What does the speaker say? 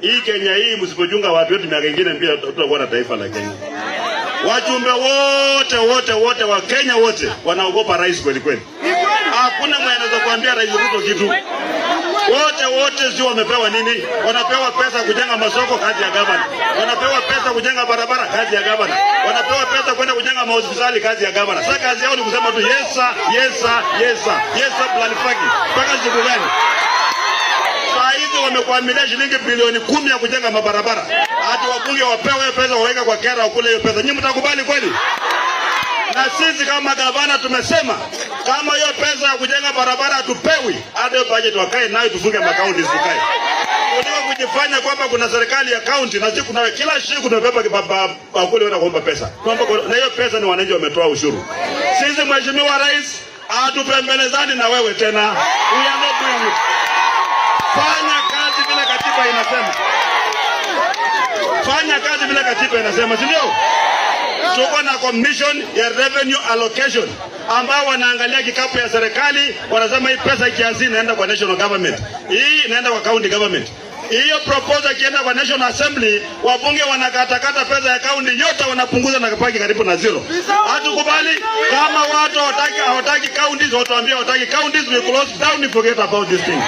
hii Kenya hii msipojunga watu wetu, miaka ingine pia tutakuwa na taifa la Kenya. Wajumbe wote wote wote wa Kenya wote wanaogopa rais kweli kweli, hakuna mwenye anaweza kuambia Rais Ruto kitu. Wote wote sio wamepewa nini? Wanapewa pesa kujenga masoko, kazi ya gavana. Wanapewa pesa kujenga barabara, kazi ya gavana. Wanapewa pesa kwenda kujenga mahospitali, kazi ya gavana. Sasa kazi yao ni kusema tu yesa yesa yesa yesa, plan fagi Paka siku wamekwamilia shilingi bilioni kumi ya kujenga mabarabara, hadi wabunge wapewe pesa waweka kwa kera wakule hiyo pesa. Nyinyi mtakubali kweli? Na sisi kama gavana tumesema kama hiyo pesa ya kujenga barabara hatupewi, hadi hiyo budget wakae nayo, tufunge makaunti zikae kuliko kujifanya kwamba kuna serikali ya kaunti na siku nawe kila siku tunabeba bakuli wenda kuomba pesa, kwamba na hiyo pesa ni wananchi wametoa ushuru. Sisi mheshimiwa rais, hatupembelezani na wewe tena, we are not doing it inasema fanya kazi bila katiba inasema, si ndio? Tuko na commission ya revenue allocation ambao wanaangalia kikapu ya serikali, wanasema hii pesa kiasi inaenda kwa national government, hii inaenda kwa county government. Hiyo proposal kienda kwa National Assembly, wabunge wanakatakata pesa ya kaunti yote, wanapunguza na kupaki karibu na zero. Hatukubali. Kama watu hawataki hawataki counties, watuambie hawataki counties, we close down, forget about this thing.